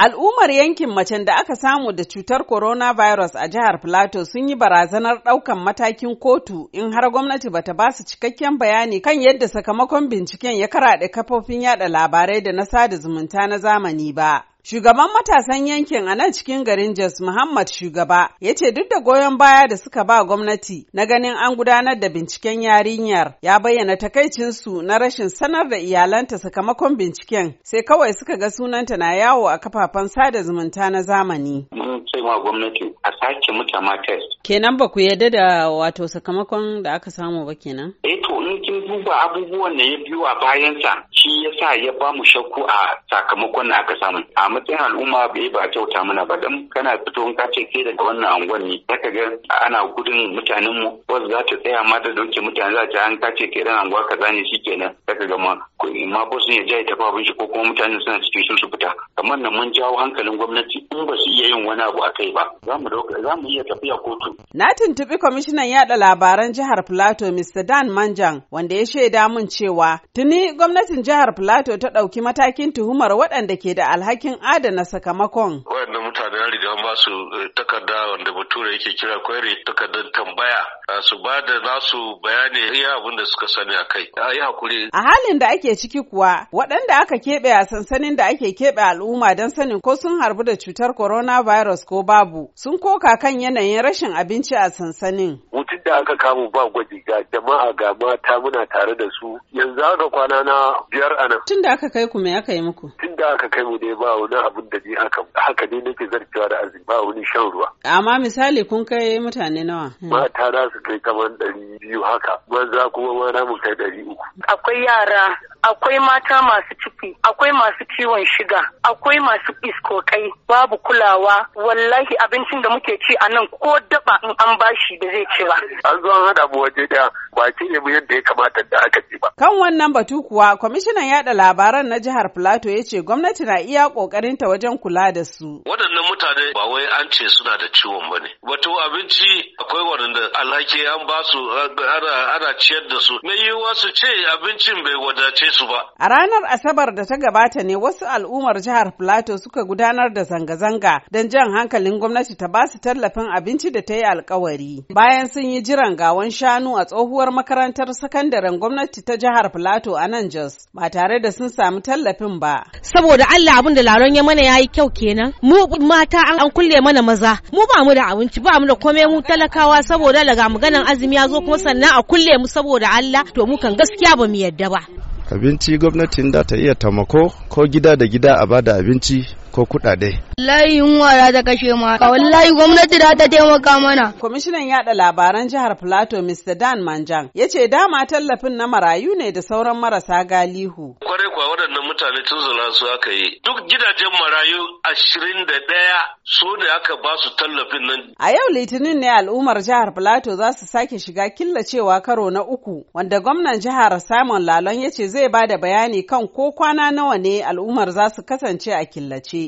Al'ummar yankin macen da aka samu da cutar coronavirus a jihar Plateau sun yi barazanar ɗaukan matakin kotu in har gwamnati bata ba su cikakken bayani kan yadda sakamakon binciken ya karaɗe kafofin yada labarai da na sada zumunta na zamani ba. Shugaban matasan yankin a nan cikin garin Jos Muhammad Shugaba ya ce duk da goyon baya da suka ba gwamnati na ganin an gudanar da binciken yarinyar ya bayyana takaicinsu na rashin sanar da iyalanta sakamakon binciken sai kawai suka ga sunanta na yawo a kafafen sada zumunta na zamani. Kenan ba ku yarda da wato sakamakon da aka samu ba kenan? Eh to in kin duba abubuwan da ya biyu a bayansa shi ya sa ya ba mu shakku a sakamakon da aka samu a matsayin al'umma bai ba kyauta mana ba dan kana fito ka ce ke daga wannan anguwan ne zaka ga ana gudun mutanen mu wasu za ta tsaya ma da dauke mutane za ta an ka ce ke dan anguwa kaza ne shikenan zaka ga ma ma ko sun ya jaye ta abin shi ko kuma mutane suna cikin shi su fita kamar nan mun jawo hankalin gwamnati in ba su iya yin wani abu a kai ba za mu iya tafiya kotu na tuntubi kwamishinan yaɗa labaran jihar Plateau Mr Dan Manjan wanda ya shaida mun cewa tuni gwamnatin jihar jihar Plateau ta ɗauki matakin tuhumar waɗanda ke da alhakin adana sakamakon. Waɗanda ya riga ba su eh, takarda wanda bature yake kira kwari takardar tambaya su ba da nasu bayani iya abin da suka sani a kai a yi hakuri a halin da ake ciki kuwa waɗanda aka keɓe a sansanin da ake keɓe al'umma don sanin ko sun harbu da cutar coronavirus ko babu sun koka kan yanayin rashin abinci a sansanin mutum da aka kamu ba gwaji ga jama'a ga mata muna tare da su yanzu aka kwana na biyar a nan tun da aka kai ku me aka yi muku tun da aka kai mu dai ba wani abin da ni haka haka ne nake zargi tattewa da arziki ba wani shan ruwa Amma misali kun kai mutane nawa? Mata za su kai kamar ɗari biyu haka, maza kuma wani mu kai ɗari uku. Akwai yara, akwai mata masu ciki, akwai masu ciwon shiga, akwai masu iskokai, babu kulawa, wallahi abincin da muke ci a nan ko daba in an bashi da zai ci ba. An zo an haɗa mu waje da ba ci ne mu yadda ya kamata da aka ci ba. Kan wannan batu kuwa kwamishinan yaɗa labaran na jihar plateau ya ce gwamnati na iya ƙoƙarinta wajen kula da su. Waɗannan mutane ba wai an ce suna da ciwon ba ne. Wato abinci akwai waɗanda alhaki an ba su ana ciyar da su. Mai yiwuwa su ce abincin bai wadace su ba. A ranar Asabar da ta gabata ne wasu al'ummar jihar Plateau suka gudanar da zanga-zanga don jan hankalin gwamnati ta ba su tallafin abinci da ta yi alkawari. Bayan sun yi jiran gawan shanu a tsohuwar makarantar sakandaren gwamnati ta jihar Plateau a nan Jos ba tare da sun samu tallafin ba. Saboda Allah abin da laron ya mana ya yi kyau kenan. Mu mata an kulle mana maza. mu ba mu da abinci ba mu da komai mu talakawa saboda daga maganan azumi ya zo kuma sannan a kulle mu saboda Allah to mu kan gaskiya ba mu yadda ba abinci gwamnatin da ta iya tamako ko gida da gida a bada abinci ko kuɗaɗe. Layi yunwa za ta kashe ma, Ka wallahi gwamnati da ta taimaka mana. Kwamishinan yaɗa labaran jihar Plateau Mr. Dan Manjan ya ce dama tallafin na marayu ne da sauran marasa galihu. Kwarai kuwa waɗannan mutane tun su aka yi. Duk gidajen marayu ashirin da ɗaya su ne aka ba su tallafin nan. A yau Litinin ne al'ummar jihar Plateau za su sake shiga killacewa karo na uku wanda gwamnan jihar Simon Lalon ya ce zai ba da bayani kan ko kwana nawa ne al'ummar za su kasance a killace.